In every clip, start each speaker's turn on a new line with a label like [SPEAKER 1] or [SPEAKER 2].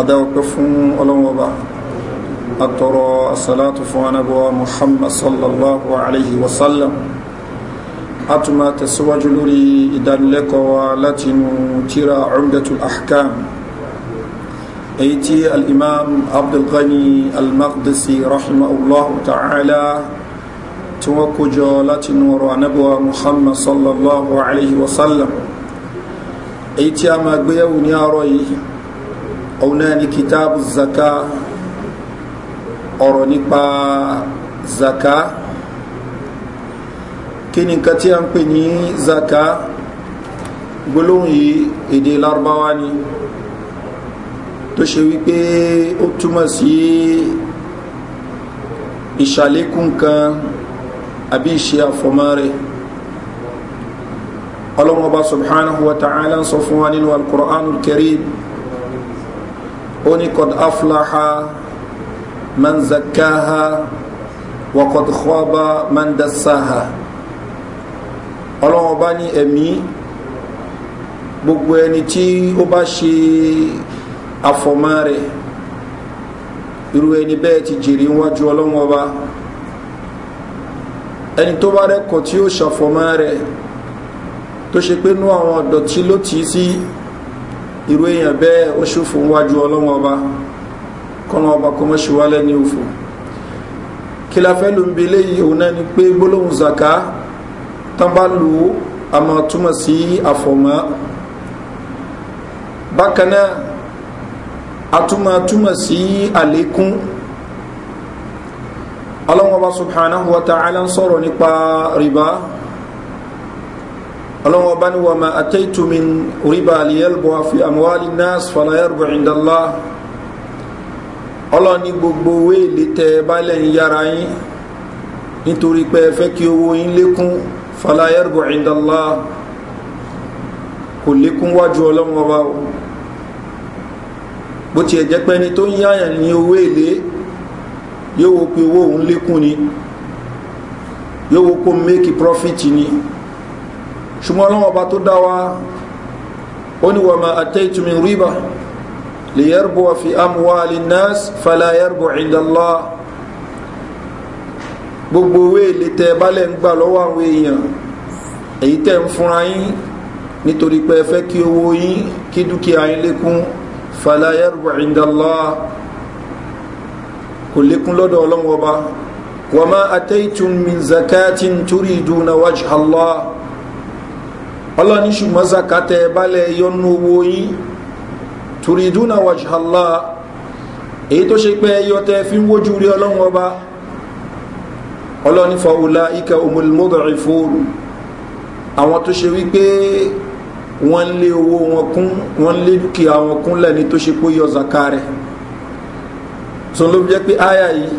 [SPEAKER 1] adáwọ̀pẹ́ fún ọlọ́wọ́ba àtọ̀rọ̀ asalatu fún anábọ̀wá muhammad sallallahu alayhi wa sallam a tún máa tẹ̀síwájú lórí ìdánilẹ́kọ̀ọ́ láti inú tíra umdatul ahkam èyí tí al'imam abdulghani al-maqdisi rahimahullahu ta'ala tí wọ́n kójọ láti inú ọ̀rọ̀ anábọ̀wá muhammad sallallahu alayhi wa sallam èyí a máa gbéyàwó ní àárọ̀ yìí òun náà ni kitabu zaka ọ̀rọ̀ nípa zaka kí ni nǹkan tí a ń pè ní zaka gbólóhùn yìí èdè lárúbáwá ni tó ṣe wípé ó túmọ̀ sí ìṣàlékún kan àbí ìṣe àfọmọ́ rẹ̀ subhanahu wa ta'ala sọ fún wa nínú alkur'anul karim oni qad aflaha man zakkaha wa qad khaba man dassaha ọlọ́wọ́n bá ní ẹ̀mí gbogbo ẹni tí ó bá ṣe àfọ̀mọ́ rẹ̀ irú ẹni bẹ́ẹ̀ ti jèrè wájú ọlọ́wọ́n ọba ẹni tó bá rẹ́kọ̀ọ́ tí ó ṣàfọ̀mọ́ rẹ̀ tó ṣe pé nú àwọn ọ̀dọ̀tí ló tì sí. Si, irú èèyàn bẹ́ẹ̀ ó ṣòfò wájú ọlọ́run ọba kọ́nà ọba kó mọ́ ṣùwálẹ̀ ní òfò kí ló ń belé yìí òun náà ni pé gbólóhùn zaka tán bá lu àmọ́ túmọ̀ sí àfọ̀mọ́ bákan náà atúmọ̀ túmọ̀ sí àlékún ọlọ́run ọba subhanahu wa ta'ala ń sọ̀rọ̀ nípa rìbá ọlọ́run ọba ní wàmà àtẹ́tùmí ríbà àlìyẹ́lbọ̀ àfi àmúwálì náà fàlàyẹ́rùbọ̀ ìdánlá ọlọ́run ní gbogbo owó èlé tẹ bálẹ̀ ń yára yín nítorí pé ẹ fẹ́ kí owó yín lékún fàlàyẹ́rùbọ̀ ìdánlá kò lékún wájú ọlọ́run ọba o bó tiẹ̀ jẹ́ pé ẹni tó ń yáyàn ní owó èlé yóò wo pé owó òun lékún ni yóò wo kó mẹ́kì prọ́fìtì ni ṣùgbọ́n ọlọ́wọ́ ọba tó dá wa ó ní wọ́n máa àtẹ́ ìtumí rìbá lè yẹ́rùbù àfi amúwá alinas fàlà yẹ́rùbù ìdàlá gbogbo owó èlé tẹ balẹ̀ ń gbà lọ́wọ́ àwọn èèyàn èyí tẹ̀ ń fúnra yín nítorí pé ẹ fẹ́ kí owó yín kí dúkìá yín lékún fàlà yẹ́rùbù ìdàlá kò lékún lọ́dọ̀ ọlọ́wọ́ ọba wọ́n máa àtẹ́ wajhallah ọlọ́ni ṣùgbọ́n zakatẹ̀ balẹ̀ yọnu owó yín turiduna wajhalla èyí tó ṣe pé ẹyọ tẹ fi ń wójú rí ọlọ́run ọba ọlọ́ni fọwọ́lá ikẹ̀ omulmọ́dọ̀rin fóòrù àwọn tó ṣe wípé wọ́n lé owó wọn kún wọ́n lé dúkìá wọn kún lẹ́ni tó ṣe pé yọ zaka tó ló jẹ́ pé aya yìí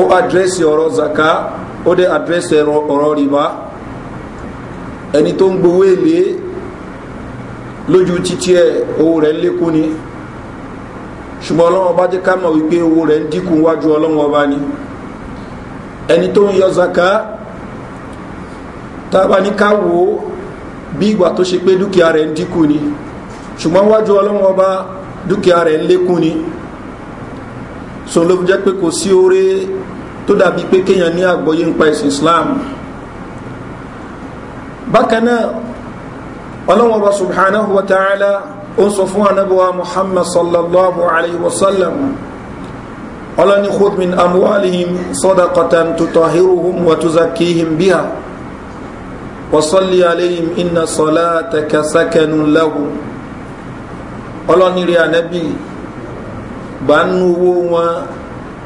[SPEAKER 1] ó àdírẹ́sì ọ̀rọ̀ zaka ó dé àdírẹ́sì ọ̀rọ̀ rìbá ẹni tó ń gbowó èlé lójú títí ẹ owó rẹ̀ lékún ni ṣùgbọ́n ọlọ́wọ́n bá jẹ́ ká mọ̀ wípé owó rẹ̀ ń dínkù wájú ọlọ́wọ́n bá ní ẹni tó ń yọ zaka tábà ní ká wò ó bí ìgbà tó ṣe pé dúkìá rẹ̀ ń dínkù ni ṣùgbọ́n wájú ọlọ́wọ́n bá dúkìá rẹ̀ ń lékún ni sọ ló jẹ́ pé kò sí oore tó dàbí pé kéèyàn ní àgbọ́yé nípa ẹ̀sìn islam bákan náà ọlọ́wọ́n bá subhanahu wa ta'ala ó sọ fún anábọ́wá muhammad sallallahu alayhi wa sallam ọlọ́ni khud min amwalihim sadaqatan tutahiruhum wa tuzakkihim biha wa salli alayhim inna salataka sakanun lahum ọlọ́ni rí anábì bá ń nuwó wọn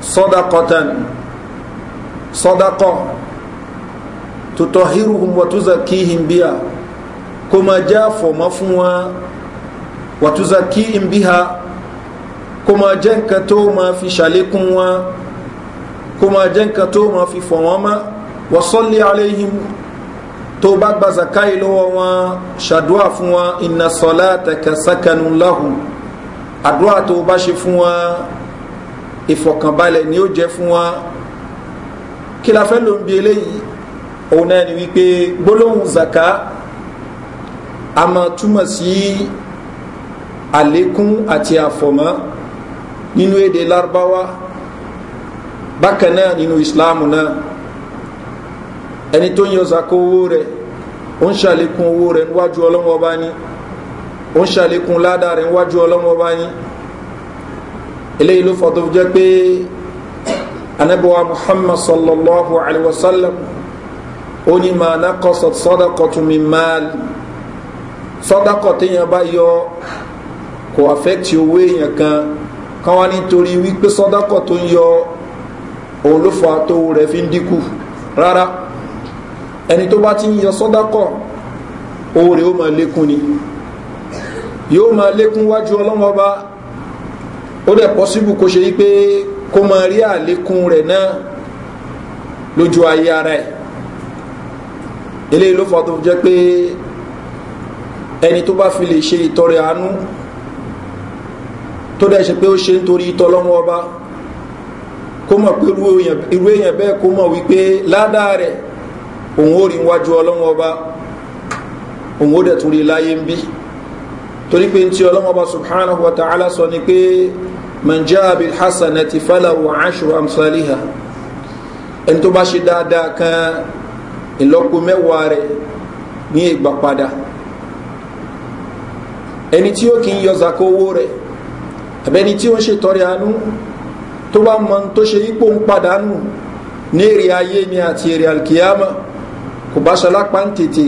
[SPEAKER 1] sadaqatan sadaqatan tutahiruhum wa tuzakihim biha kó máa jẹ́ àfọ̀mọ́ fún wọn wa tuzakihim biha kó máa jẹ́ nǹkan tó máa fi ṣàlékún wọn kó máa jẹ́ nǹkan tó máa fi fọ̀ wọ́n mọ́ wa salli alayhim tó bá gba zakai lọ́wọ́ wọn ṣàdúrà fún inna salataka sakanun lahum àdúrà tó bá ṣe fún wọn ni ó jẹ́ fún wọn kí la fẹ́ bi eléyìí òun náà ni wípé gbólóhùn zaka a máa túmọ̀ sí àlékún àti àfọ̀mọ́ nínú èdè lárúbáwá bákan náà nínú islam náà ẹni tó ń yọ zaka owó rẹ̀ ó ń ṣàlékún owó rẹ̀ níwájú ọlọ́wọ́ bá ní ó ń ṣàlékún ládàá rẹ̀ níwájú ọlọ́wọ́ bá ní eléyìí ló fọ́ tó jẹ́ pé anábọ̀wá muhammad sallallahu alayhi wa sallam oni ní máa ná kọsọ̀ sọ́dọ̀kọ̀ tún mi máa sọ́dọ̀kọ̀ téèyàn bá yọ kò àfẹ́tì owó èèyàn kan kan wá nítorí wípé sọ́dọ̀kọ̀ tó ń yọ òun ló fa tó rẹ̀ fi ń dínkù rárá ẹni tó bá ti ń yọ sọ́dọ̀kọ̀ owó rẹ̀ ó ni yóò máa lékún wájú ọlọ́wọ́ bá ó dẹ̀ pọ́síbù kó ṣe wípé kó máa rí àlékún rẹ̀ náà lójú ayé ara ẹ̀ eléyìí ló fà tó jẹ́ pé ẹni tó bá fi lè ṣe ìtọrẹ àánú tó dẹ̀ ṣe pé ó ṣe nítorí ìtọ́lọ́wọ́ ọba kó mọ̀ pé irú èèyàn bẹ́ẹ̀ kó mọ̀ wípé ládàá rẹ̀ òun ó rí wájú ọlọ́wọ́ ọba òun ó dẹ̀ tún rí láyé ń bí torí pé tí ọlọ́wọ́ ọba subhanahu wa ta'ala sọ ni pé manjaa bil hasanati falahu ashru amsaliha ẹni tó bá ṣe dáadáa kan ìlọ́po mẹ́wàá rẹ̀ ní ìgbà padà ẹni tí ó kì í yọ owó rẹ̀ àbẹ́ni tí ó ń ṣètọrẹ àánú tó bá mọ tó ṣe ipò ń padànù ní èrè ayé ni àti èrè alkiyama kò bá ṣalápá ń tètè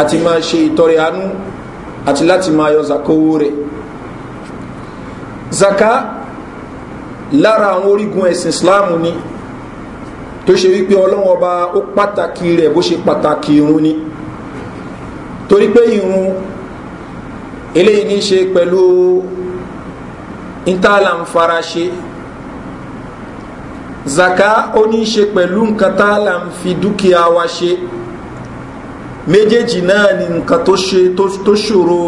[SPEAKER 1] àti máa ṣe ìtọrẹ àánú àti láti máa yọ zaka owó rẹ̀ zaka lára àwọn orígun ẹ̀sìn islam ni tó ṣe wípé ọlọ́wọ́n ọba ó pàtàkì rẹ̀ bó ṣe pàtàkì irun ni torí pé irun eléyìí ní ṣe pẹ̀lú ìtàlà zaka ó ní ṣe pẹ̀lú nǹkan tààlà ń fi dúkìá wa ṣe méjèèjì náà ni nǹkan tó ṣe tó ṣòro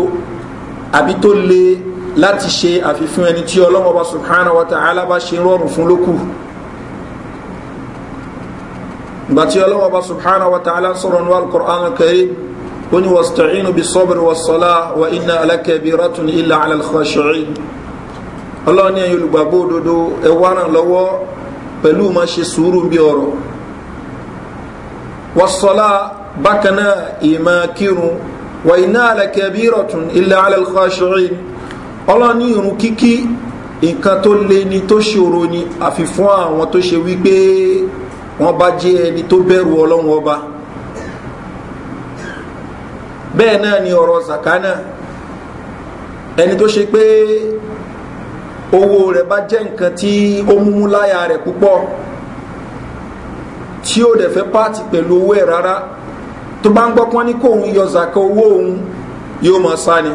[SPEAKER 1] àbí tó le láti ṣe àfihàn ẹni tí ọlọ́wọ́n ọba subhanahu wa ta'ala bá ṣe rọrùn fún lókù gbàtí ọlọ́wọ́ bá subhanahu wa ta'ala sọ̀rọ̀ ní al-Qur'an al-Karim ó ní wasta'inu bis-sabri was-salah wa inna lakabiratun illa 'ala al-khashi'in ọlọ́wọ́ ní ẹ̀yin olùgbàgbọ́ òdodo ẹ wá ràn lọ́wọ́ pẹ̀lú ma ṣe sùúrù bí ọ̀rọ̀ was-salah bákan náà ìmọ̀ kírun wa inna lakabiratun illa 'ala al-khashi'in ọlọ́wọ́ ní irun kíkí nǹkan tó le ni tó ṣòro ni àfi fún àwọn tó ṣe wípé wọ́n bá jẹ́ ẹni tó bẹ̀rù ọlọ́run ọba bẹ́ẹ̀ náà ni ọ̀rọ̀ zakana ẹni tó ṣe pé owó rẹ̀ bá jẹ́ nǹkan tí ó mú láyà rẹ̀ púpọ̀ tí ó dẹ̀ fẹ́ pààtì pẹ̀lú owó ẹ̀ rárá tó bá ń gbọ́ pọ́n ní kò ń yọ zaka owó òun yóò máa sá ni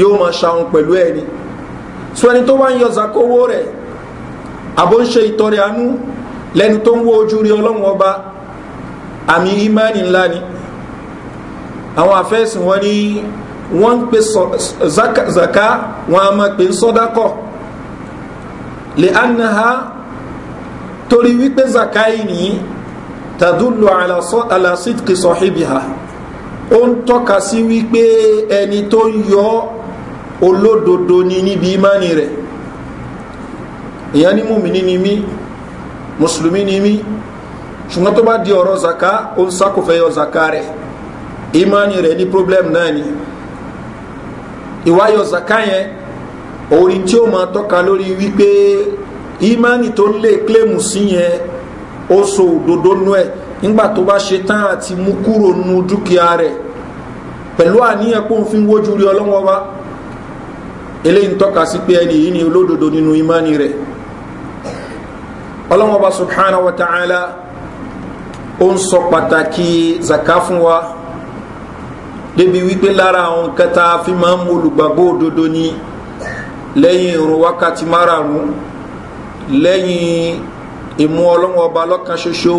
[SPEAKER 1] yóò máa ṣàwọn pẹ̀lú ẹ̀ ni so ẹni tó bá ń yọ zaka owó rẹ̀ àbó ń ṣe ìtọrẹ àánú lẹ́ni tó ń wo ojú rí ọlọ́run ọba àmì imani ńlá ni àwọn afẹ́sìn wọn ni wọ́n ń pe zaka wọn a máa pe sọ́dákọ̀ lè anaha torí wípé zaka yìí nìyí tàdúlù àlàsídìkì sọ̀híbìhà ó ń tọ́ka sí wípé ẹni tó ń yọ olódodo ni níbi imani rẹ̀ ìyá ni mùmí ní ni mí. Yani mùsùlùmí ni mí ṣùgbọ́n tó bá di ọ̀rọ̀ zaka ó ń sákòfẹ́ zaka rẹ̀ imani rẹ̀ ni problem náà ni ìwà yọ zaka yẹn orí tí ó máa tọ́ka lórí wípé imani tó ń lè kílèmù sí yẹn ó so òdodo nú ẹ̀ nígbà tó bá ṣe tán àti mú kúrò nú dúkìá rẹ̀ pẹ̀lú àníyàn pé òun fi ń wójú rí ọlọ́wọ́ wa eléyìí ń tọ́ka sí ni olódodo nínú imani ọlọ́mọba subhanahu wa ta'ala ó ń sọ pàtàkì zaka fún wa débi wípé lára àwọn nǹkan tá a fi máa ń mú olùgbàgbọ́ òdodo ni lẹ́yìn irun wákàtí márààrún lẹ́yìn ìmú ọlọ́mọba lọ́kan ṣoṣo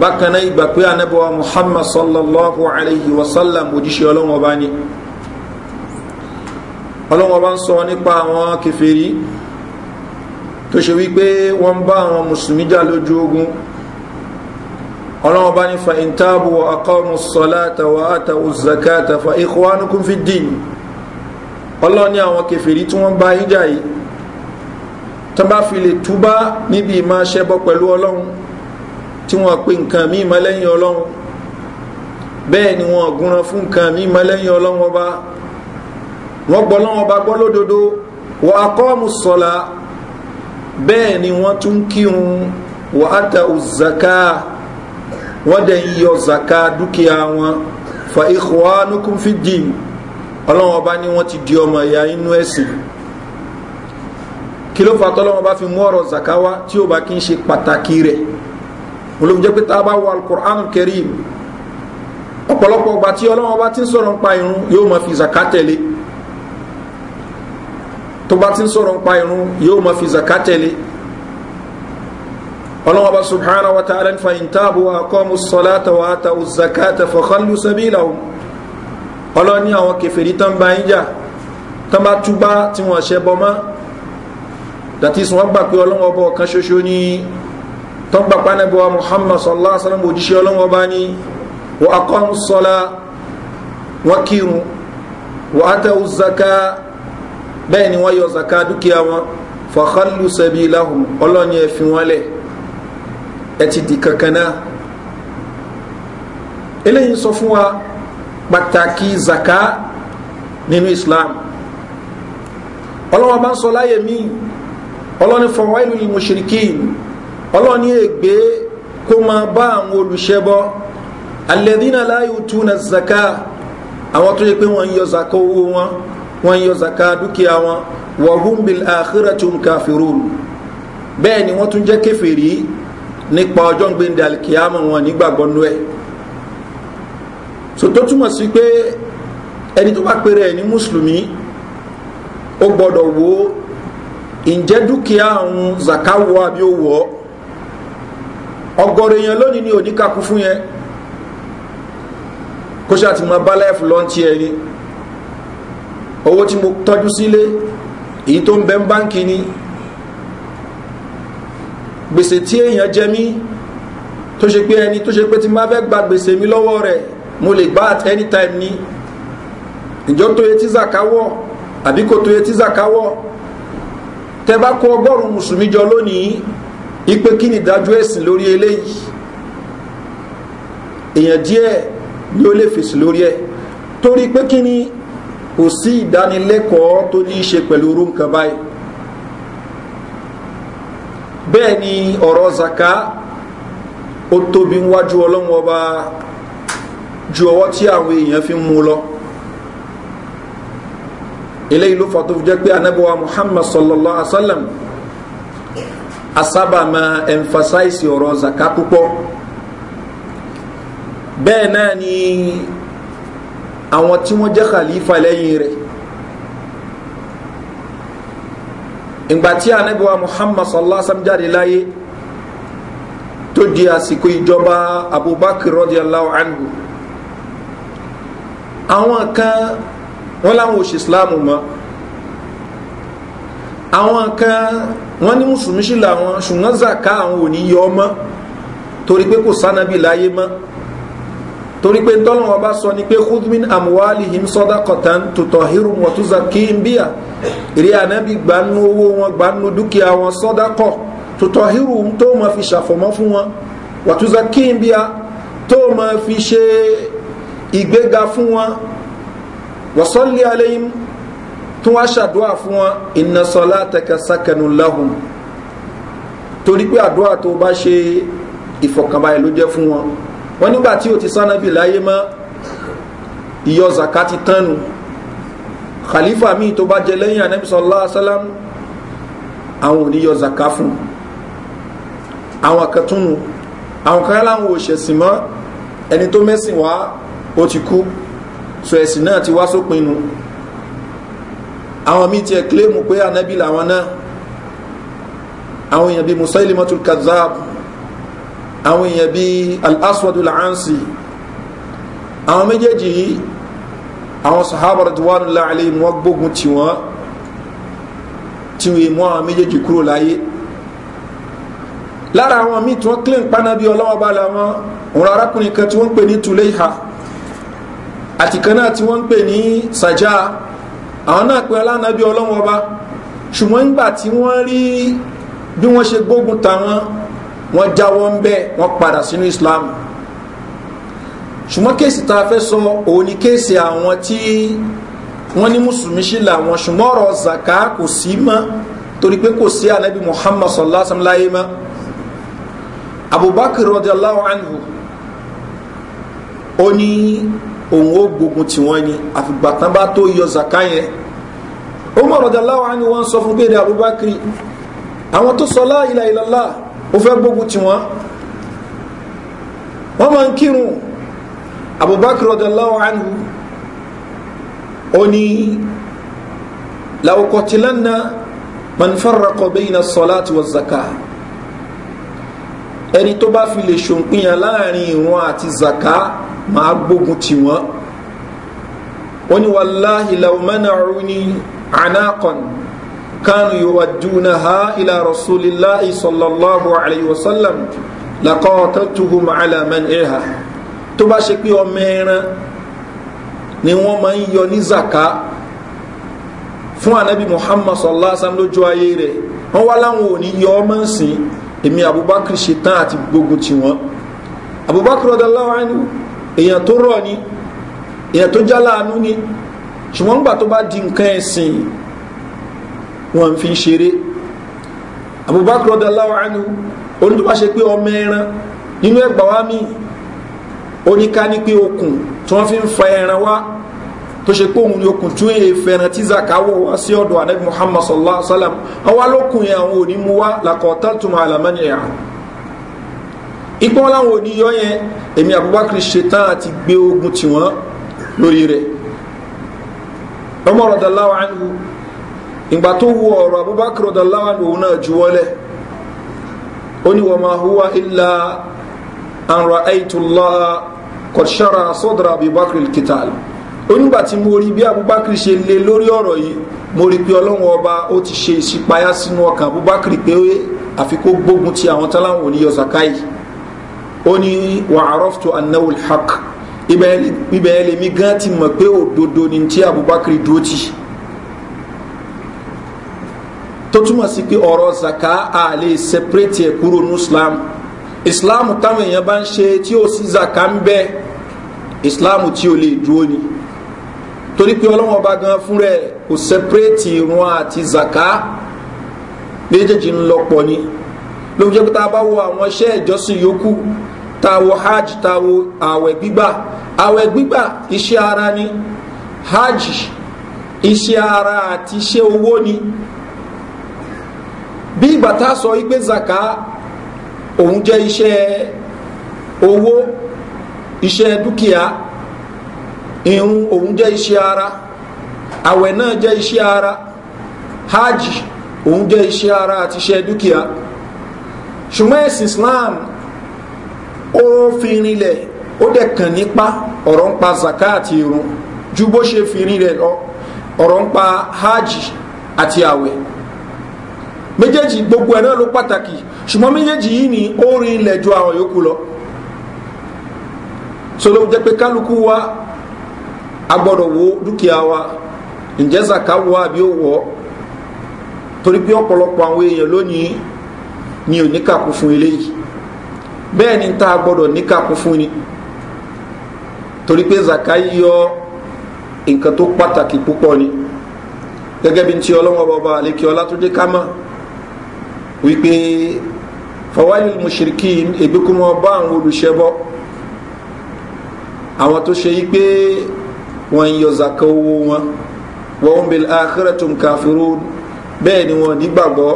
[SPEAKER 1] bákan náà ìgbà pé anábọ́wá muhammad sallallahu alayhi wa sallam òjíṣẹ́ ọlọ́mọba ni ọlọ́mọba ń sọ nípa àwọn kẹfẹ́rí tó ṣe wípé wọ́n bá àwọn mùsùlùmí jà lójú ogun ọlọ́wọ́n bá ní fa intabu wa akọ́mu sọláta wa ata uzakata fa ikhwanukum fi din ọlọ́ni àwọn kẹfìrí tí wọ́n bá yíjà yìí tó bá fi lè túbá níbi ìmáa ṣẹbọ pẹ̀lú ọlọ́run tí wọ́n pe nǹkan míì mọ́ lẹ́yìn ọlọ́run bẹ́ẹ̀ ni wọ́n gúnran fún nǹkan míì mọ́ lẹ́yìn ọlọ́run ọba wọ́n gbọ́ lọ́wọ́ ọba gbọ́ lódodo wa akọ́mu sọláta bẹ́ẹ̀ ni wọ́n tún kírun wà á ta òzàká wọ́n dẹ̀ ń yọ zàká dúkìá wọn fa ikhwanukum fi din ọlọ́wọ́n ọba ni wọ́n ti di ọmọ ìyá inú ẹ̀sìn kí ló fà tọ́lọ́wọ́n bá fi mú ọ̀rọ̀ zàká wá tí ó bá kí ń ṣe pàtàkì rẹ̀ olùjẹ́ pé tá bá wọ alukur'an karim ọ̀pọ̀lọpọ̀ ọgbà tí ọlọ́wọ́n bá ti ń sọ̀rọ̀ ń pa irun yóò máa fi zàká tẹ̀lé tó bá ti ń sọ̀rọ̀ ń pa irun yóò máa fi zaka tẹ̀lé ọlọ́wọ́ bá subhanahu wa ta'ala fa in taabu wa akọ́mu sọ́láta wa ata uzakata fọ́kànlú sabila o ọlọ́wọ́ ní àwọn kẹfẹ́rí tán bá ń jà tán bá túbá tí wọ́n ṣe bọ́ mọ́ dàtí sùn wọ́n gbà pé ọlọ́wọ́ bọ̀ kan ṣoṣo ní tán gbà pa nàbẹ̀wá muhammad sallallahu alayhi wa sallam òjíṣẹ́ ọlọ́wọ́ bá ní wa akọ́mu sọ́lá wọ́n kírun wa ata uzaka bẹ́ẹ̀ ni wọ́n yọ zaka dúkìá wọn fàkàlù sẹ́bi láhùn ọlọ́ni ẹ̀ fi wọ́n lẹ̀ ẹ̀ ti di kankan náà eléyìí sọ fún wa pàtàkì zaka nínú islam ọlọ́wọ́n bá ń sọ láyé míì ọlọ́ni fọwọ́ìlú ni mushrikin ọlọ́ni ègbé kó ma bá àwọn olùṣẹ́bọ alẹ́dínà láyé tún na zaka àwọn tó yẹ pé wọ́n ń yọ zaka owó wọn wọ́n yọ zaka dúkìá wọn wọ́n humbil akhiratum kafirun bẹ́ẹ̀ ni wọ́n tún jẹ́ kẹfìrí nípa ọjọ́ ń alikiyama wọn nígbàgbọ́ nú ẹ̀ so tó túmọ̀ sí pé ẹni tó bá pèrè ẹ̀ ní mùsùlùmí ó gbọ́dọ̀ wo ǹjẹ́ dúkìá àwọn zakawo àbí ó wọ̀ ọgọ́rọ̀ èèyàn lónìí ni òníkakú fún yẹn kó ṣe àti mọ bá lọ́ntì ẹni owó tí mo tọ́jú sílé èyí tó ń bẹ ń báǹkì ni gbèsè tí èèyàn jẹ mí tó ṣe pé ẹni tó ṣe pé tí má fẹ́ gba gbèsè mi lọ́wọ́ rẹ̀ mo lè gbá at any time ni ìjọ tó yẹ tí zakawọ́ àbí kò tó yẹ tí zakawọ́ tẹ bá kó ọgọ́rùn mùsùlùmí jọ lónìí ipe kí ni ìdájọ́ ẹ̀sìn lórí eléyìí èèyàn díẹ̀ ni ó lè fèsì lórí ẹ̀ torí pé kí ni kò sí ìdánilẹ́kọ̀ọ́ tó ní í ṣe pẹ̀lú orú nǹkan báyìí bẹ́ẹ̀ ni ọ̀rọ̀ zaka ó tóbi wájú ọlọ́run ọba ju ọwọ́ tí àwọn èèyàn fi ń mú lọ eléyìí ló fà tó fi jẹ́ pé anábọ́wá muhammad sallallahu alaihi wa sallam asábà máa emphasize ọ̀rọ̀ zaka púpọ̀ bẹ́ẹ̀ náà ni àwọn tí wọ́n jẹ́ khalifa lẹ́yìn rẹ̀ ìgbà tí anabiwa muhammad sallallahu alaihi wa sallam jáde láyé tó di àsìkò ìjọba abubakar radiyallahu anhu àwọn kan wọ́n láwọn òṣì islam mọ́ àwọn kan wọ́n ní mùsùlùmí sí làwọn ṣùgbọ́n zaka àwọn ò ní yọ ọmọ torí pé kò sánábì láyé mọ́ torí pé tọ́lọ́wọ́ bá sọ ni pé hudmin amwalihim sadaqatan tutahhirum wa tuzakkihim biha ìrí ànábì gbanú owó wọn gbanú dúkìá wọn sọ́dákọ̀ tutahhirum tó ma fi ṣàfọ̀mọ́ fún wọn wa tuzakkihim biha tó ma fi ṣe ìgbéga fún wọn wa salli alayhim tó wá ṣàdúrà fún wọn inna salataka sakanun lahum torí pé àdúrà tó bá ṣe ìfọ̀kànbalẹ̀ ló jẹ́ fún wọn wọ́n nígbà tí o ti sánábì láyé mọ́ ìyọ zakati tánu khalifa míì tó bá jẹ lẹ́yìn anabi sallallahu alayhi wa sallam àwọn oníyọ zaka fún àwọn akẹtùnú àwọn kan láwọn òṣèṣìn mọ́ ẹni tó mẹ́sìn wá ó ti kú so ẹ̀sìn náà ti wá sópinu àwọn míì tiẹ̀ kílèmù pé anabi làwọn náà àwọn èèyàn bíi musailimatul kazab àwọn èèyàn bíi al-aswadu al-ansi àwọn méjèèjì yìí àwọn sahaba radwanullahi alayhim wọ́n gbógun tí wọ́n tí wọ́n mú àwọn méjèèjì kúrò láyé lára àwọn míì tí wọ́n clean paná bíi ọlọ́wọ́ bá la wọn òun arákùnrin kan tí wọ́n ń pè ní tuleiha àti kan náà tí wọ́n ń pè ní saja àwọn náà pè alánàbí ọlọ́wọ́ bá ṣùgbọ́n nígbà tí wọ́n rí bí wọ́n ṣe gbógun tàwọn wọ́n jáwọ́ ń bẹ́ wọ́n padà sínú islam ṣùgbọ́n kéèsì tá a fẹ́ sọ òun ni kéèsì àwọn tí wọ́n ní mùsùlùmí sí làwọn ṣùgbọ́n ọ̀rọ̀ zaka kò sí mọ́ torí pé kò sí anabi muhammad sallallahu alaihi wa sallam láyé mọ́ abubakar radiyallahu anhu ó ní òun ó gbógun tí wọ́n ní àfìgbà tán bá tó yọ zaka yẹn umar radiyallahu anhu wọ́n sọ fún bèrè abubakar àwọn tó sọ láàyè láìláà ó fẹ́ gbógun ti wọn wọ́n máa ń kírun abubakar ọ̀dọ̀láwọ̀ àánú ó ní làwọ̀kọ̀tìlánà manfarrakọ̀ bẹ́yìnà sọ́lá àti wọ́zaka ẹni tó bá fi lè ṣòpinya láàrin ìran àti zaka máa gbógun ti wọn ó ní wàláhìlà ọmọ náà ní anákan kánú yuwajjunaha ila rasulillahi sallallahu alayhi wa sallam laqatatuhum ala man'iha tó bá ṣe pé ọmọ ẹran ni wọ́n máa ń yọ ní zaka fún anabi muhammad sallallahu alayhi wa sallam lójú ayé rẹ̀ wọ́n wá láwọn ò ní yọ ọmọ sìn èmi abubakar ṣe tán àti gbogbo tiwọn abubakar radallahu anhu èèyàn tó rọ̀ ni èèyàn tó jálàánú ni ṣùgbọ́n gbà tó bá di nǹkan ẹ̀sìn wọn fi ń ṣeré Abubakar radallahu anhu oní tó bá ṣe pé ọmọ ẹran nínú ẹgbà wa mi oníká ní pé okùn tí wọ́n fi ń fa ẹran wá tó ṣe pé òun ni okùn tún èè fẹ̀ràn tí zakawọ̀ wá sí ọ̀dọ̀ anabi Muhammad sallallahu alaihi wa sallam àwa lókun yẹn àwọn òní mú wá làkọ̀ọ́tà tó máa làmánì ẹ̀ ìpọ́n láwọn òní yọ yẹn èmi Abubakar ṣetán àti gbé ogun tiwọn lórí rẹ̀ Umar radallahu anhu ìgbà tó wu ọ̀rọ̀ abubakar ọ̀dọ̀láwà lòun náà juwọ́lẹ̀ ó ní wọ́n máa húwa ilá àrùn àìtùlá kọ̀ṣára sọ́dọ̀rọ̀ abubakar kìtàl onígbà tí mo rí bí abubakar ṣe lé lórí ọ̀rọ̀ yìí mo rí pé ọlọ́run ọba ó ti ṣe ìṣípayá sínú ọkàn abubakar pé àfi kó gbógun ti àwọn táláwọn oníyọ zakai ó ní wàhárọ́fù anáwó haq ibẹ̀ ẹlẹ́mí gan ti mọ̀ pé òdodo ni ti abubakar dúró ti. tó túmọ̀ sí pé ọ̀rọ̀ zaka a lè sẹpẹ́rẹ́tì ẹ̀ kúrò ní islam islam táwọn èèyàn bá ń ṣe tí ó sì zaka ń bẹ́ islam tí ó lè dúró ni torí pé ọlọ́wọ́n bá gan fún rẹ̀ kò sẹpẹ́rẹ́tì irun àti zaka méjèèjì ń ni jẹ́ pé a bá wo àwọn iṣẹ́ ìjọsìn hajj tá a wo àwẹ̀ ara ni hajj iṣẹ́ ara àti iṣẹ́ owó ni bí ìgbà tá a sọ wípé zaka òun jẹ́ iṣẹ́ owó iṣẹ́ dúkìá irun òun jẹ́ iṣẹ́ ara àwẹ̀ náà jẹ́ iṣẹ́ ara hajj òun jẹ́ iṣẹ́ ara àti iṣẹ́ dúkìá ṣùgbọ́n ẹ̀sìn islam ó fi rinlẹ̀ ó dẹ̀ kàn nípa ọ̀rọ̀ ń pa zaka àti irun ju bó ṣe fi lọ ọ̀rọ̀ ń pa hajj àti àwẹ̀ méjèèjì gbogbo ẹ̀ náà ló pàtàkì ṣùgbọ́n méjèèjì yìí ni ó rin ilẹ̀ ju àwọn yòókù lọ sọlọ́ jẹ́ pé kálukú wa agbọ́dọ̀ wo dúkìá wa ǹjẹ́ zaka wọ àbí ó wọ́ torí pé ọ̀pọ̀lọpọ̀ àwọn èèyàn lónìí ni ò níkàkú fún eléyìí bẹ́ẹ̀ ni tá a gbọ́dọ̀ níkàkú fún ni torí pé zaka yíyọ nǹkan tó pàtàkì púpọ̀ ni gẹ́gẹ́ bí ti ọlọ́wọ́ bọba àlékí ọlá tó dé ká mọ́ wípé fawalil mushrikin ebi kó mọ bá àwọn olùṣẹbọ àwọn tó ṣe yí pé wọn ń yọ zaka owó wọn wọn ń bil akhiratum kafirun bẹ́ẹ̀ ni wọn nígbàgbọ́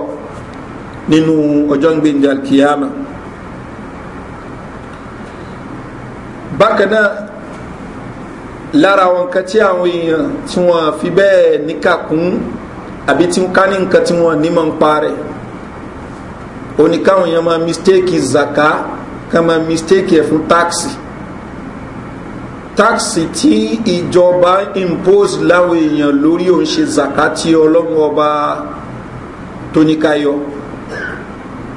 [SPEAKER 1] nínú ọjọ́ ń gbẹ̀ǹdà kìyàmà bákan náà lára àwọn nǹkan tí àwọn èèyàn tí wọn fi bẹ́ẹ̀ níkàkún àbí tí wọn ká ní nǹkan tí wọn ní mọ̀ ń parẹ́ oníkàwọn èèyàn máa mistake zaka kama mistake ẹ̀ fún taxi. Taxi tí ìjọba impose láwọn èèyàn lórí òun ṣe zaka tí ọlọ́run ọba tóníkayọ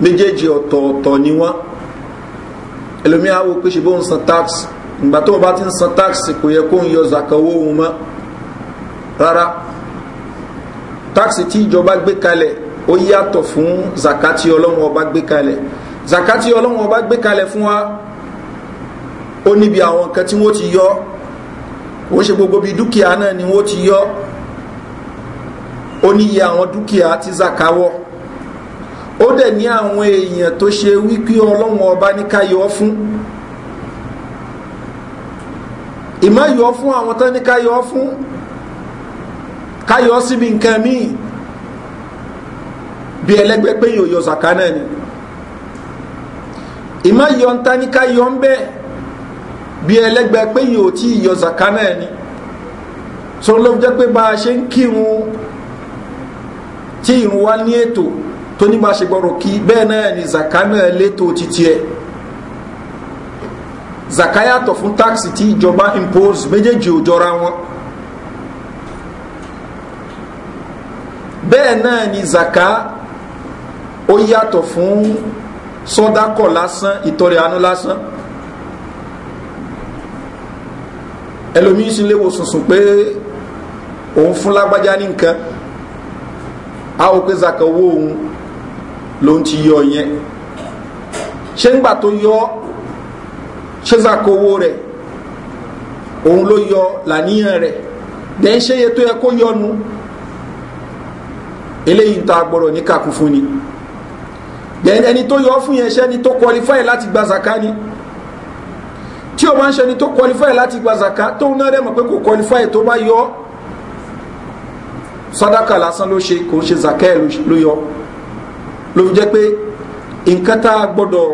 [SPEAKER 1] méjèèjì ọ̀tọ̀ọ̀tọ̀ ni wọ́n ẹlòmí àwọ̀ pé ṣe bó ń san taxi ìgbà tó bá ti ń san tax kò yẹ kó ń yọ zàkàwó òun mọ́ rárá tax tí ìjọba gbé kalẹ̀ ó yàtọ̀ fún zakati ọlọ́run ọba gbé kalẹ̀ zakati ọlọ́run ọba gbé kalẹ̀ fún wa ó níbi àwọn nǹkan tí wọ́n ti yọ ó ṣe gbogbo bí dúkìá náà ni wọ́n ti yọ ó níye àwọn dúkìá tí zakawọ́ ó dẹ̀ ní àwọn èèyàn tó ṣe wípé ọlọ́run ọba ní ká yọ fún ìmọ̀ yọ fún àwọn tán ní ká yọ fún ká yọ síbi nǹkan míì bí ẹlẹ́gbẹ́ pé yóò yọ zaka náà ni ìmọ̀ yọ ń taníká yọ ń bẹ́ẹ̀ bí ẹlẹ́gbẹ́ pé yóò tí yọ zaka náà ni sọ ló jẹ́ pé bá a ṣe ń kírun tí ìrun wá ní ètò tó ní bá a ṣe gbọ́rọ̀ kí bẹ́ẹ̀ náà ni zaka náà létò títí ẹ̀ zaka yàtọ̀ fún táàkì tí ìjọba impose méjèèjì ò jọra wọn. bẹ́ẹ̀ náà ni zaka ó yàtọ̀ fún sọ́dákọ̀ lásán ìtọrẹ àánú lásán ẹlòmíín sì léwo sùnsùn pé òun fún lágbájá ní nǹkan a ò pé zaka owó òun lòun ti yọ yẹn ṣé ńgbà tó yọ ṣé zaka owó rẹ̀ òun ló yọ làníyàn rẹ̀ dẹ́n ṣe iye tó yẹ kó yọnu eléyìí ń ta gbọ́dọ̀ ní kàkún ni. Kakufuni then ẹni tó yọ fún yẹn ṣẹ́ni tó qualify láti gba zaka ni tí o máa ń ṣẹni tó qualify láti gba zaka tó ń náà mọ̀ pé kò qualify tó bá yọ sadaka lásán ló ṣe kò ṣe zaka ẹ̀ ló yọ ló fi jẹ́ pé nǹkan tá a gbọ́dọ̀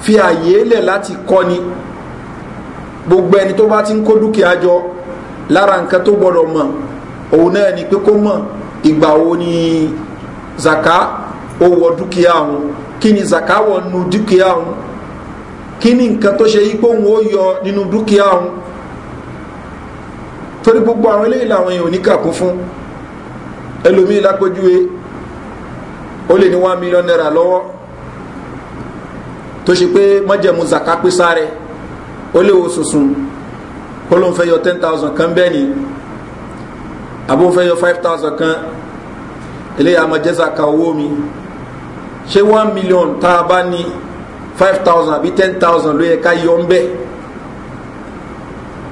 [SPEAKER 1] fi àyè lẹ̀ láti kọ́ ni gbogbo ẹni tó bá ti ń kó dúkìá jọ lára nǹkan tó gbọ́dọ̀ mọ̀ òun náà ni pé kó mọ̀ ìgbà wo ni zaka ó wọ dúkìá òun kí ni zaka wọ nínú dúkìá òun kí ni nǹkan tó ṣe yí pé òun ó yọ nínú dúkìá òun torí gbogbo àwọn eléyìí làwọn èèyàn oníkàkún fún ẹlòmíì lápẹjúwe ó lè ní one million naira lọ́wọ́ tó ṣe pé mọ́jẹ̀mú zaka pé sáré ó lè wo sùsùn ó lóun fẹ́ yọ ten thousand kan bẹ́ẹ̀ ni àbóun fẹ́ yọ five thousand kan eléyà máa jẹ́ zaka owó mi ṣé million tá a bá ní five thousand àbí ten thousand ló yẹ ká yọ ń yombe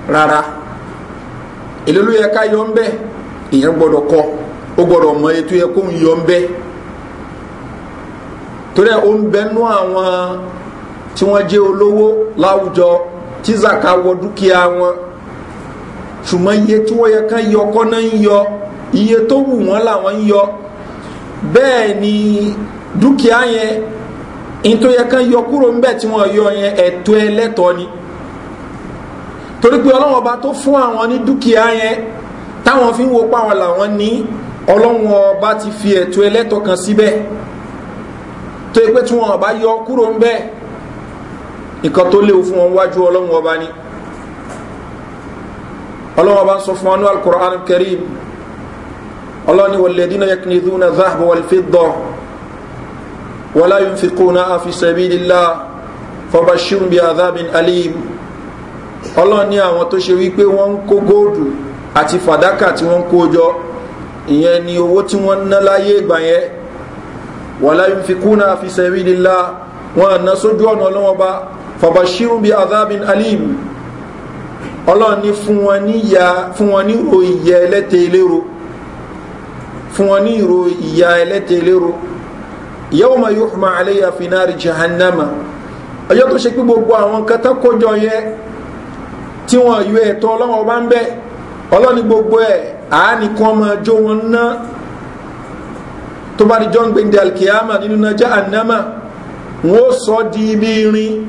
[SPEAKER 1] rárá èlé ló yẹ ká yọ ń bẹ́ èèyàn gbọ́dọ̀ kọ́ ó gbọ́dọ̀ mọ ètò yẹ kó ń yọ ń bẹ́ torí ẹ̀ zaka wọ dúkìá wọn ṣùgbọ́n iye tí wọ́n yẹ ká yọ kọ́ náà ń iye tó wù wọ́n làwọn ń yọ bẹ́ẹ̀ ni dúkìá yẹn ìtòyẹ kan yọ kúrò ńbẹ̀ tí wọ́n yọ yẹn ẹ̀tọ́ ẹlẹ́tọ́ ni torí pé ọlọ́wọ́n ọba tó fún àwọn ní dúkìá yẹn táwọn fi ń wo páwọn làwọn ní ọlọ́wọ́n ọba ti fi ẹ̀tọ́ ẹlẹ́tọ́ kan síbẹ̀ tó yẹ pé tí wọ́n ọba yọ kúrò ńbẹ̀ nǹkan tó léwu fún wọn wájú ọlọ́wọ́n ọba ni ọlọ́wọ́n ọba ń sọ fún wọn ní alukur'an karim ọlọ́ni wàlẹ́dínà yaknizuna zahab walfiddo wàlá yunfikuna afi sabilillah fọbashirun bi azabin alim ọlọ́ni àwọn tó ṣe wípé wọ́n ń kó góòdù àti fàdákà tí wọ́n ń kó jọ ìyẹn ni owó tí wọ́n ń ná láyé ìgbà yẹn wàlá yunfikuna afi wọn àná sójú ọ̀nà ọlọ́wọ́ bá fàbàṣírù bí alim ọlọ́run fún wọn ní ìyá fún fún wọn ní ìró ìyá ẹlẹ́tẹ̀ eléro yawma yuhma alayha fi nari jahannama ọjọ́ tó ṣe pé gbogbo àwọn kan tán kójọ yẹ tí wọn yọ ẹ̀tọ́ ọlọ́wọ́n bá gbogbo ẹ̀ àánìkan ma jo wọn na to ba di john gbendi alkiyama nínú náà jahannama wọn ó di irin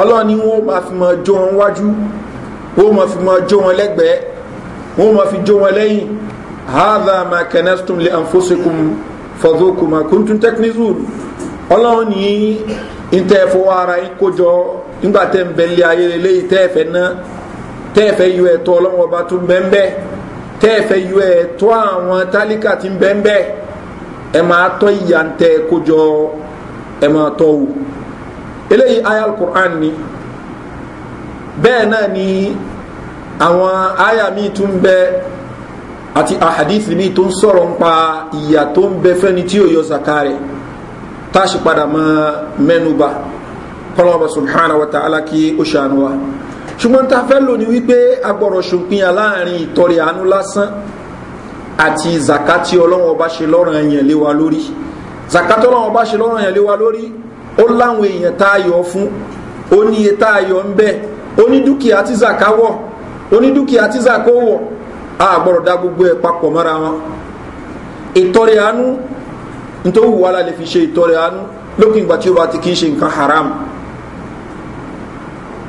[SPEAKER 1] ọlọ́run ni wọ́n máa fi mọ jó wọn wájú wọ́n máa fi mọ jó wọn lẹ́gbẹ̀ẹ́ wọ́n máa fi jó wọn lẹ́yìn hadha ma kanastum li anfusikum fadhuku ma kuntum taknizun ọlọ́run ni ntẹ́ fọwọ́ ara yín kójọ nígbà tẹ́ ń bẹ lé ayé lélẹ́yìí tẹ́ fẹ́ ná tẹ́ fẹ́ yọ ẹ̀tọ́ ọlọ́run ọba tó ń bẹ́ẹ̀ yọ ẹ̀tọ́ àwọn tálíkà tí ń bẹ́ẹ̀ máa tọ́ ìyà kójọ ẹ máa tọ́ wò eléyìí aya alukur'an ni bẹ́ẹ̀ náà ni àwọn aya míì tún bẹ àti ahadith míì tó ń sọ̀rọ̀ nípa ìyà tó ń bẹ fẹ́ni tí yóò yọ zakari tá a sì padà mọ́ mẹ́nuba kọlọ́ọ̀bà subhanahu wa ta'ala kí ó ṣàánú wa ṣùgbọ́n ta fẹ́ lónìí wípé agbọ̀rọ̀ ṣùpìyàn láàrin ìtọrẹ àánú lásán àti zakati ọlọ́wọ́n ọba ṣe lọ́rọ̀ ẹ̀yàn léwa lórí zakati ọlọ́wọ́n ọba ṣe lọ́rọ̀ ẹ̀yàn léwa lórí ó láwọn èèyàn tá a yọ fún ó ní iye tá a yọ ń ó ní a gbọ́dọ̀ dá gbogbo ẹ̀ papọ̀ mọ́ra wọn ìtọ́rẹ̀ àánú nítorí fi ṣe ìtọ́rẹ̀ àánú lókè ìgbà tí ó bá ti kí ń haram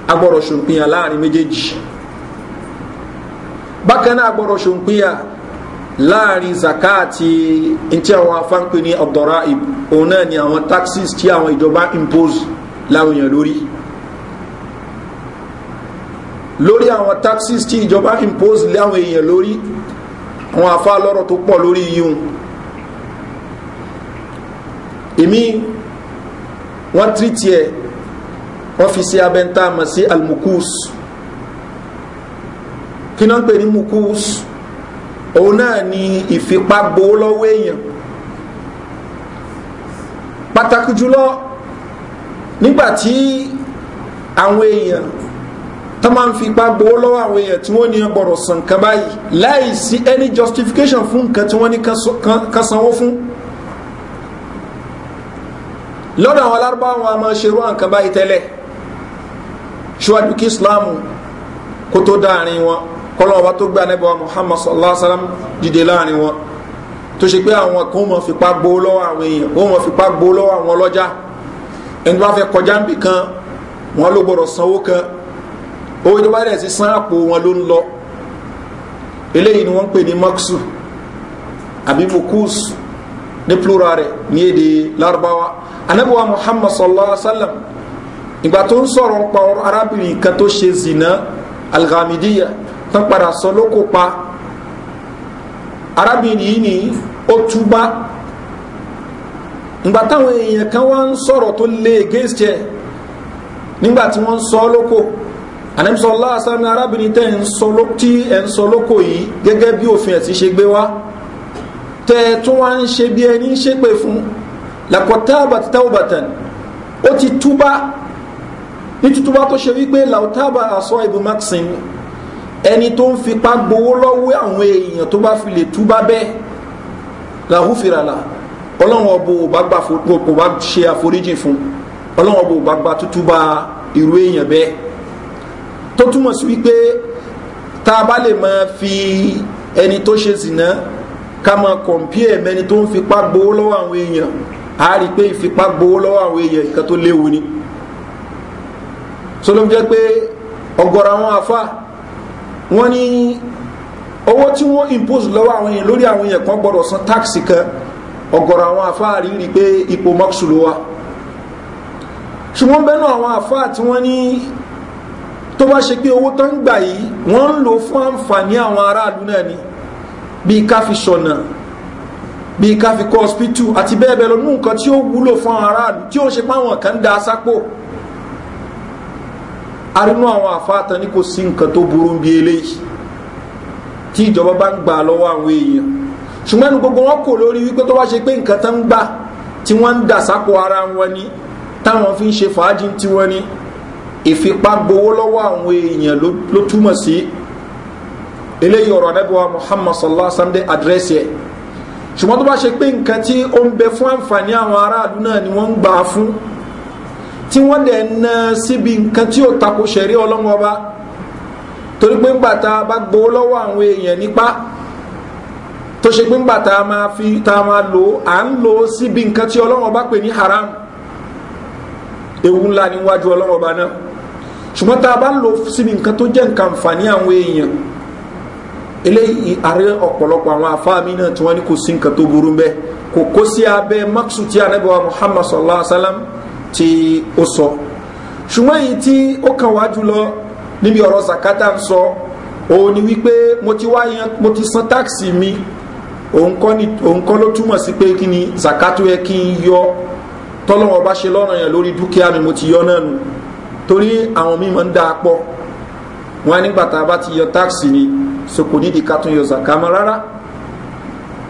[SPEAKER 1] a gbọ́dọ̀ ṣòpinya láàrin méjèèjì bákan náà láàrin zaka àti ntí àwọn afánpé ní ọ̀dọ́ra òun náà ni àwọn taxes tí àwọn ìjọba impose láwọn èèyàn lórí lórí àwọn taxes tí ìjọba impose láwọn èèyàn lórí àwọn afá lọ́rọ̀ tó pọ̀ lórí yíhun èmi wọ́n tírìtì ẹ̀ wọ́n fi sí abẹ́ntàmọ̀ sí almukus kí náà ń pè ní mukus òun náà ni ìfipá gbowó lọ́wọ́ èèyàn pàtàkì jùlọ nígbàtí àwọn èèyàn tó máa ń fipá gbowó lọ́wọ́ àwọn èèyàn tí wọ́n ní ọgbọ̀rọ̀ sàn kan báyìí láì sí any justification fún nǹkan tí wọ́n ní kan sanwó fún lọ́dọ̀ àwọn alárúbáwọn a máa ṣerú nǹkan báyìí tẹ́lẹ̀ ṣíwájú kí islam kó tó dáàrin wọn kọ́lọ́ ọba tó gbé anábọ̀ muhammad sallallahu alayhi wa sallam dìde láàrin wọn tó ṣe pé àwọn kan mọ̀ fipá gbó lọ́wọ́ àwọn èèyàn wọ́n mọ̀ fipá gbó lọ́wọ́ àwọn ọlọ́jà ẹni bá fẹ́ kọjá níbì kan wọn ló gbọ́dọ̀ sanwó kan owó tó bá dẹ̀ sí san àpò wọn ló ń lọ eléyìí ni wọ́n ń pè ní maksu àbí mukus ní plural rẹ̀ ní èdè larubawa anábíwá muhammad sallallahu alaihi wa sallam ìgbà tó ń sọ̀rọ̀ ń pa arábìnrin kan tó ṣe zina alghamidiya tán padà sọ lóko pa arábìnrin yìí ni ó túbá ìgbà táwọn èèyàn kan wá ń sọ̀rọ̀ tó lé against ẹ̀ nígbà tí wọ́n sọ lóko ànẹ́mísọ̀ láàsán ní arábìnrin tẹ́ tí ẹ̀ ń sọ lóko yìí gẹ́gẹ́ bí òfin ẹ̀ ti ṣe gbé wá tẹ́ ẹ tún wá ń ṣe bí ẹni ń ṣépè fún làkọ̀tà àbàtìtàwọ̀bàtàn ó ti túbá ní tútúbá tó ṣe wípé làwọ̀tà àbà àsọ ìbò maxim ẹni tó ń fipá gbowó lọ́wọ́ àwọn èèyàn tó bá fi lè túbá bẹ́ẹ̀ làhúfìràlà ọlọ́run ọbọ̀ kò bá ṣe àforíjìn fún ọlọ́run ọbọ̀ bá gba tútú bá irú èèyàn bẹ́ẹ̀ tó túmọ̀ sí wípé tá a bá lè máa fi ẹni tó ṣe zìnà ká máa kọ̀m̀pí ẹ̀mẹ́ ẹni tó ń fipá gbowó lọ́wọ́ àwọn èèyàn a rí i pé ìfipá gbowó lọ́wọ́ àwọn èèyàn nǹkan tó léwu ni sọlọ́m jẹ́ pé ọ̀gọ̀rọ̀ àwọn àfáà wọ́n ní owó tí wọ́n impose lọ́wọ́ àwọn èèyàn lórí àwọn èèyàn kan gbọ́dọ̀ san táàkì kan ọ̀gọ̀rọ̀ àwọn àfáà rí rí pé ipò mọ́ksù ló wà ṣùgbọ́n bẹ́nu àwọn àfáà tí wọ́n ní tó bá ṣe pé owó tó gbà yìí wọ́n ń lò fún àǹfààní àwọn aráàlú náà ni bíi ká fi ṣọ̀nà bíi ká fi kọ́ hospital àti bẹ́ẹ̀ bẹ́ẹ̀ lọ nú nǹkan tí ó wúlò fún àwọn aráàlú tí ó ń ṣe páwọn kan da sápò arínú àwọn àfáàtàn ní kò sí nǹkan tó burú bí eléyìí tí ìjọba bá ń gbà lọ́wọ́ àwọn èèyàn ṣùgbọ́n ní gbogbo wọn kò lórí wípé tó bá ṣe pé nǹkan tán ń gbà tí wọ́n ń dà sápò ara wọn ni táwọn fi ń ṣe fàájì tí wọ́n ní ìfipá gbowó lọ́wọ́ àwọn èèyàn ló túmọ̀ sí eléyìí ọ̀rọ̀ anábíwá muhammad sallallahu alaihi wa sallam àdírẹ́sì ẹ̀ ṣùgbọ́n tó bá ṣe pé nǹkan tí ó ń bẹ fún àǹfààní àwọn aráàlú náà ni wọ́n ń gbà á fún tí wọ́n dẹ̀ na síbi nǹkan tí ó tako ṣẹ̀rí ọlọ́wọ́ bá torí pé ńgbà tá a bá gbowó lọ́wọ́ àwọn èèyàn nípa tó ṣe pé ńgbà tá máa fi tá máa lò à ń lò síbi nǹkan tí ọlọ́wọ́ bá pè ní haram ewu ńlá níwájú ọlọ́wọ́ bá náà ṣùgbọ́n tá a bá lò síbi nǹkan tó jẹ́ nǹkan àǹfààní àwọn èèyàn eléyìí ààrẹ ọ̀pọ̀lọpọ̀ àwọn afáàmì náà tí wọ́n ní kò sí nǹkan tó burú bẹ́ẹ̀ kò kó sí abẹ́ maksu ti anábẹ́wà muhammad sallallahu alaihi wa sallam tí ó sọ ṣùgbọ́n èyí tí ó kàn wá jùlọ níbi ọ̀rọ̀ zakata ń sọ òun ni wípé mo ti wá yan mo ti san táàkì mi òun kọ́ ló túmọ̀ sí pé kí ni zakatu yẹ kí n yọ tọ́lọ́wọ́ bá ṣe lọ́rọ̀ yẹn lórí dúkìá mi mo ti yọ náà nù torí àwọn mímọ̀ ń dáa pọ̀ wọn nígbà tá a bá ti yọ táàkì ni so kò nídìí ká tún yọ zakama rárá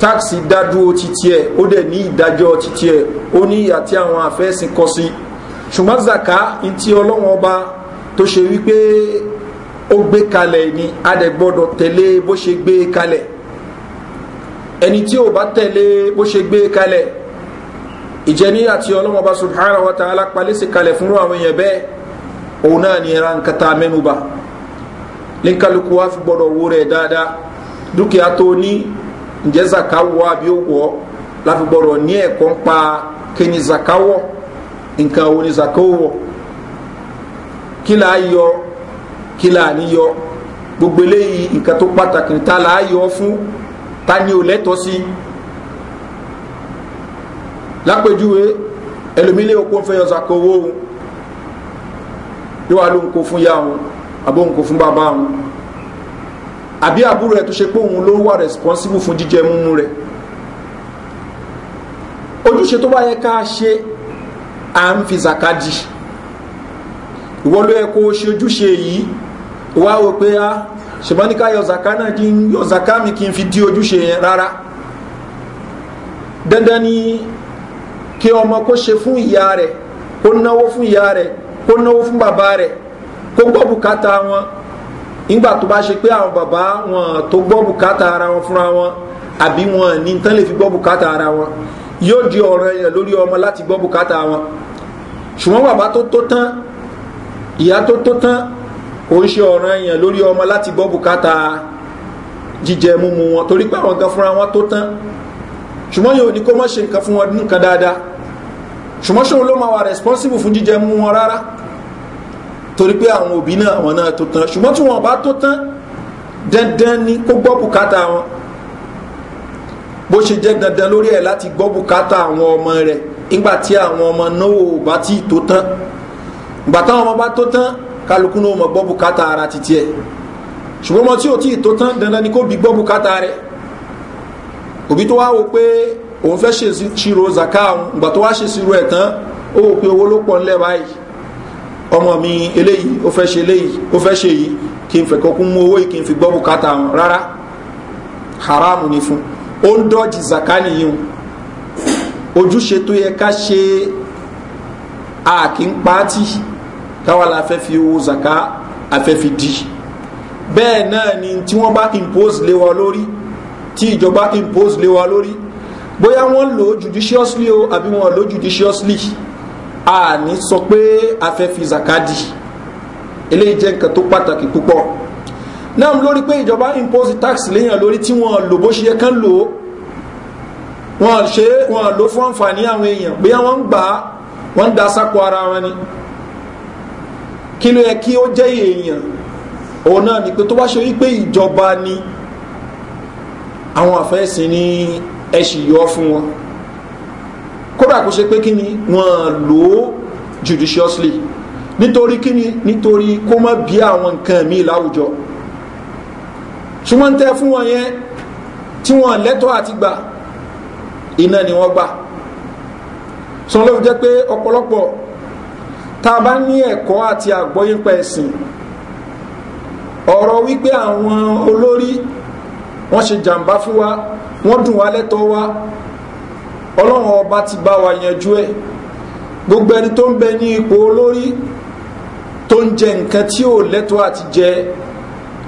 [SPEAKER 1] táàsì dádúró títí ẹ̀ ó dẹ̀ ní ìdájọ́ títí ẹ̀ ó ní ìyà tí àwọn àfẹ́sìn kọ sí ṣùgbọ́n zaka ní ọlọ́wọ́n ọba tó ṣe wípé ó gbé kalẹ̀ ni a dẹ̀ gbọ́dọ̀ tẹ̀lé bó ṣe gbé kalẹ̀ ẹni tí ò bá tẹ̀lé bó ṣe gbé kalẹ̀ ìjẹni àti ọlọ́wọ́n ọba subhanahu wa ta'ala palẹ́sì kalẹ̀ fún àwọn èèyàn bẹ́ẹ̀ òun náà ni ẹran kata mẹ́nuba ní kálukú wa fi gbọ́dọ̀ wó rẹ̀ dáadáa dúkìá tó ní ǹjẹ́ zaka wọ àbí ó wọ láfi gbọ́dọ̀ ní ẹ̀kọ́ ń pa kíni zaka wọ nǹkan wo ni zaka ó wọ kí là á yọ kí là á níyọ gbogbo eléyìí nǹkan tó pàtàkì ní ta là á yọ fún ta ni ò lẹ́tọ̀ọ́ sí lápèjúwe ẹlòmílé okun fẹ́ yọ zaka òun yóò wá ló ń kó fún yá òun àbó ń kó fún bàbá òun àbí àbúrò ẹ̀ tó ṣe pé òun ló wà responsible fún jíjẹ múmú rẹ̀ ojúṣe tó bá yẹ ká ṣe à ń fi zakadi ìwọ ló yẹ kó o ṣe ojúṣe yìí wá wò pé a ah, ṣùgbọ́n ní ká yọ zaka náà kí n yọ zaka mi kí n fi di ojúṣe yẹn rárá dandan ni kí ọmọ kó ṣe fún ìyá rẹ̀ kó náwó fún ìyá rẹ̀ kó náwó fún bàbá rẹ̀ kó gbọ́ bùkátà wọn nígbà tó bá ṣe pé àwọn bàbá wọn tó gbọ́ bùkátà ara wọn fúnra wọn àbí wọn ní tán lè fi gbọ́ bùkátà ara wọn yóò di ọ̀ràn yẹn lórí ọmọ láti gbọ́ bùkátà wọn ṣùgbọ́n bàbá tó tó tán ìyá tó tó tán kò ń ṣe ọ̀ràn yẹn lórí ọmọ láti gbọ́ bùkátà jíjẹ múmu wọn torí pé àwọn kan fúnra wọn tó tán ṣùgbọ́n yóò ní kó mọ́ ṣe nǹkan fún wọn nǹkan dáadáa ṣùgbọ́n ṣòun ló máa wà responsible fún jíjẹ múmu wọn rárá torí pé àwọn òbí náà àwọn náà tó tán ṣùgbọ́n tí wọ́n bá tó tán dandan ni kó gbọ́ bùkátà wọn bó ṣe jẹ́ dandan lórí ẹ̀ láti gbọ́ bùkátà àwọn ọmọ rẹ̀ nígbà tí àwọn ọmọ náà ò bá tí tó tán ìgbà táwọn ọmọ bá tó tán kálukú náà mọ̀ gbọ́ bùkátà ara titi ẹ̀ ṣùgbọ́n ọmọ tí ò tí tó tán dandan ni kó bí gbọ́ bùkátà rẹ̀ òbí tó wá wo pé òun fẹ́ ṣe ṣírò zaka òun ìgbà tó wá ṣe ṣírò ẹ̀ tán ó wò pé owó ló pọ̀ ńlẹ̀ báyìí ọmọ mi eléyìí ó fẹ́ ṣe eléyìí ó fẹ́ ṣe yìí kí n fẹ̀kọ́ kún mú owó yìí kí n fi gbọ́ bùkátà wọn rárá haramu ni fún ó ń dọ́jì zaka nìyí ojúṣe tó yẹ ká ṣe àkín pàtì táwa la fẹ́ fi owó zaka afẹ́ fi di bẹ́ẹ̀ náà ni tí wọ́n bá impose lé wa lórí tí ìjọba impose lé wa lórí bóyá wọ́n lò judiciously o àbí wọ́n lò judiciously a ní sọ pé a fẹ́ fi zakadi eléyìí jẹ́ nǹkan tó pàtàkì púpọ̀ náà lórí pé ìjọba impose tax léyàn lórí tí wọ́n lò bó ṣe yẹ kán lò ó wọ́n ṣe wọ́n lò fún àǹfààní àwọn èèyàn bóyá wọ́n ń gbà á wọ́n ń da sápò ara wọn ni kí ló yẹ kí ó jẹ́ èèyàn òun náà ni pé tó bá ṣe wípé ìjọba ni àwọn àfẹ́sìn ni ẹ yọ fún wọn kódà kó ṣe pé kí ni wọ́n lò ó judiciously nítorí kí ni nítorí kó má bí àwọn nǹkan míì láwùjọ ṣùgbọ́n tẹ́ fún wọn yẹn tí wọ́n lẹ́tọ́ àti gbà iná ni wọ́n gbà sọ ló fi jẹ́ pé ọ̀pọ̀lọpọ̀ tá a bá ní ẹ̀kọ́ àti àgbọ́yípa ẹ̀sìn ọ̀rọ̀ wípé àwọn olórí wọ́n ṣe jàǹbá fún wa wọ́n dùn wá lẹ́tọ́ wa ọlọ́run ọba ti bá wa yanjú ẹ̀ gbogbo ẹni tó ń bẹ ní ipò olórí tó ń jẹ nǹkan tí ò lẹ́tọ́ àti jẹ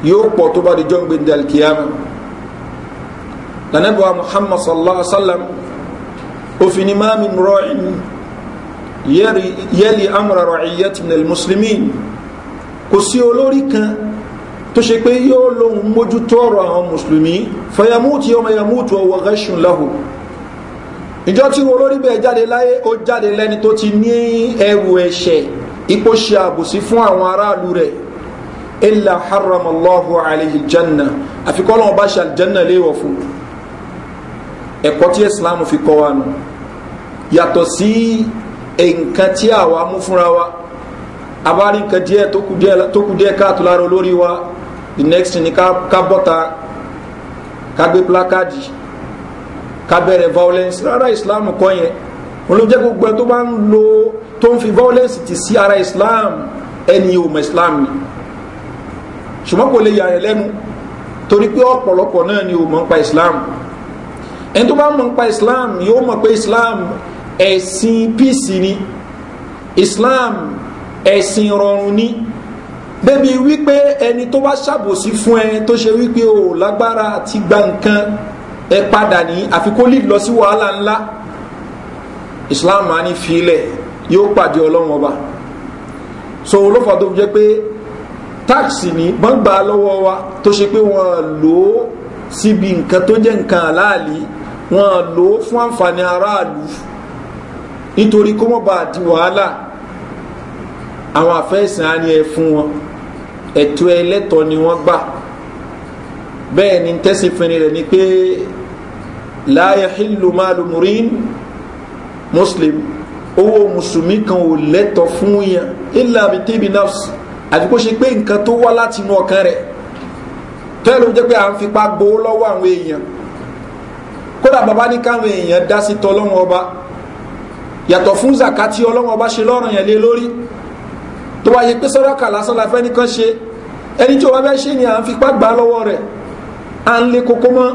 [SPEAKER 1] yóò pọ̀ tó bá di jọ́ ń gbé dalkiyama lànàbíwá muhammad sallallahu alaihi wa sallam òfin ni máa mi mùrọ̀ yẹ́lì amúra rọ̀ọ̀yẹ́ tìmìlẹ̀ mùsùlùmí kò sí olórí kan tó ṣe pé yóò lóhun mójútó ọ̀rọ̀ àwọn mùsùlùmí fayamúti ọmọ yamútu ọwọ́ gẹ́ṣùn láhùn ìjọ tí wo lórí bẹ́ẹ̀ jáde láyé ó jáde lẹ́ni tó ti ní ẹrù ẹ̀ṣẹ̀ ipò ṣe àbòsí fún àwọn aráàlú rẹ̀ ilà haramallahu alayhi janna àfikọ́ lọ́wọ́ bá ṣe àlìjanna léèwọ̀ fún ẹ̀kọ́ tí islam fi kọ́ wa nù yàtọ̀ sí nǹkan tí àwa mú fúnra wa abárí nǹkan díẹ̀ tó kù díẹ̀ káàtó lára olórí wa the next ni ká bọ́ta ká gbé plákáàdì ká violence rárá islam kọ́ yẹn olóúnjẹ gbogbo ẹ tó bá ń lo tó ń fi violence ti sí ara islam ẹni yóò mọ islam ni ṣùgbọ́n kò lè yà rẹ̀ lẹ́nu torí pé ọ̀pọ̀lọpọ̀ náà ni ò mọ̀ nípa islam ẹni tó bá mọ̀ nípa islam yóò mọ̀ pé islam ẹ̀sìn píìsì ni islam ẹ̀sìn rọrùn ni débi wípé ẹni tó bá ṣàbòsí fún ẹ tó ṣe wípé o lágbára àti gba ẹ padà ní àfikún lè lọ sí wàhálà ńlá islam á ní yóò pàdé ọlọ́run ọba so olófà tó jẹ́ pé táàkì ní bọ́ǹgbà lọ́wọ́ wa tó ṣe pé wọ́n lò ó síbi nǹkan tó jẹ́ nǹkan àláàlì wọ́n lò ó fún àǹfààní aráàlú nítorí kó mọ̀ bá di wàhálà àwọn àfẹ́sìn á ní ẹ fún wọn ẹ̀tọ́ ẹlẹ́tọ̀ ni wọ́n gbà bẹ́ẹ̀ ni tẹ́sí fẹ́ni rẹ̀ ni pé láyé hìlù máàlù mùrín muslim owó mùsùlùmí kan ò lẹ́tọ̀ fún yẹn ilà mi tíbi nafsi àti kó ṣe pé nǹkan tó wá láti inú ọkàn rẹ̀ tẹ́lẹ̀ ló jẹ́ pé à ń fipá gbowó lọ́wọ́ àwọn èèyàn kódà bàbá ní káwọn èèyàn dá sí tọ́lọ́wọ́n ọba yàtọ̀ fún zakati ọlọ́wọ́n bá ṣe lọ́rùn yẹn lé lórí tó wáyé pé sọ́dọ̀kà lásán la fẹ́ nìkan ṣe ẹni tí ó wá fẹ́ ṣe ni à ń fipá gbà lọ́wọ́ rẹ̀ à ń lé koko mọ́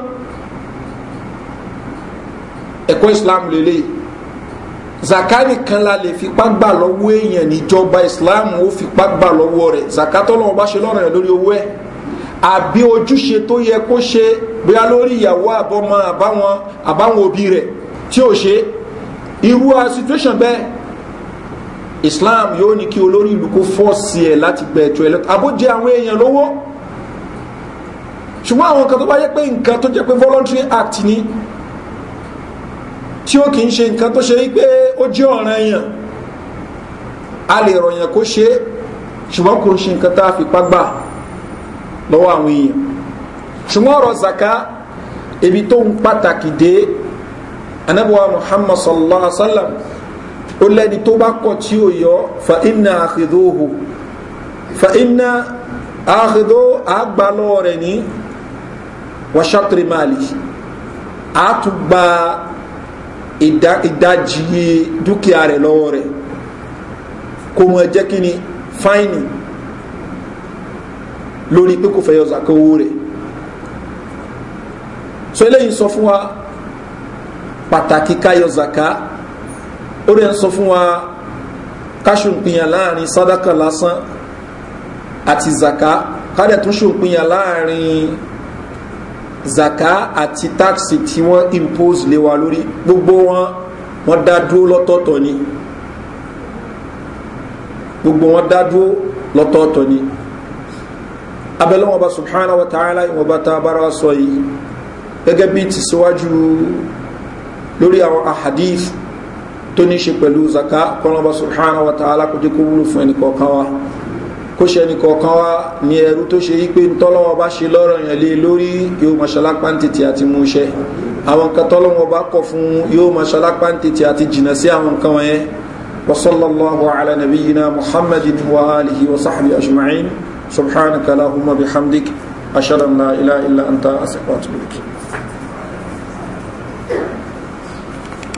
[SPEAKER 1] ẹ̀kọ́ islam lele zakari kan la lè fipá gbà lọ́wọ́ èèyàn níjọba islam ó fipá gbà lọ́wọ́ rẹ̀ zakatọ́ lọ́wọ́ bá ṣe lọ́rọ̀ yẹn lórí owó ẹ̀ àbí ojúṣe tó yẹ kó ṣe bóyá lórí ìyàwó àbọmọ àbáwọn àbáwọn òbí rẹ̀ tí ò ṣe irú a situation bẹ́ẹ̀ islam yóò ní kí olórí ìlú kó fọ́ọ̀sì ẹ̀ láti gba ẹ̀tọ́ ẹlẹ́tọ́ àbójẹ àwọn èèyàn lówó ṣùgbọ́n àwọn kan tó bá yẹ pé nǹkan tó jẹ́ pé voluntary act ni tí ó kìí ṣe nǹkan tó ṣe wípé ó jẹ́ ọ̀ràn èèyàn a lè rọ̀yàn kó ṣe ṣùgbọ́n kò ṣe nǹkan tá a fipá gbà lọ́wọ́ àwọn èèyàn ṣùgbọ́n ọ̀rọ̀ zaka ibi tó ń pàtàkì dé anabuwa muhammad sallallahu alaihi wa sallam ó lẹ́ni tó bá kọ̀ tí ó yọ fa iná àkìdóhù fa iná àkìdó àgbàlọ́ rẹ̀ ní wàṣátìrìmáàlì àtúgbà ìdajì dúkìá rẹ̀ lọ́wọ́ rẹ̀ kó mọ jẹ́ kí ni fáìnì lórí pé kò fẹ́ yọ zaka owó rẹ̀ so eléyìí sọ fún wa pàtàkì ká yọ zaka ó rẹ̀ ń sọ fún wa káṣùpìyàn láàrin sádàkà lásán àti zaka ká dẹ̀ tún ṣùpìyàn láàrin zaka àti taxi tí wọ́n impose lé wa lórí gbogbo wọn wọ́n dá dúró lọ́tọ̀ọ̀tọ̀ ni gbogbo wọn dá dúró lọ́tọ̀ọ̀tọ̀ ni abẹ́lẹ́wọ̀n ọba subhanahu wa ta'ala ìwọ̀n bá ta bára sọ yìí gẹ́gẹ́ bí ti lórí àwọn ahadith tó ní ṣe pẹ̀lú zaka kọ́nà ọba subhanahu wa ta'ala kò jẹ́ kó wúlò fún ẹnì kọ̀ọ̀kan wa kó ṣẹni kọ̀ọ̀kan wá ní ẹrú tó ṣe wípé tọ́lọ́wọ́ bá ṣe lọ́rọ̀ yẹn lé lórí yóò mọ̀ṣálápá ń tètè àti mú iṣẹ́ àwọn nǹkan tọ́lọ́wọ́ bá kọ̀ fún yóò mọ̀ṣálápá ń tètè àti jìnà sí àwọn nǹkan wọ̀nyẹn wasallallahu ala nabiyyina muhammadin wa alihi wa sahbihi ajma'in subhanaka allahumma bihamdik ashhadu an ilaha illa anta astaghfiruka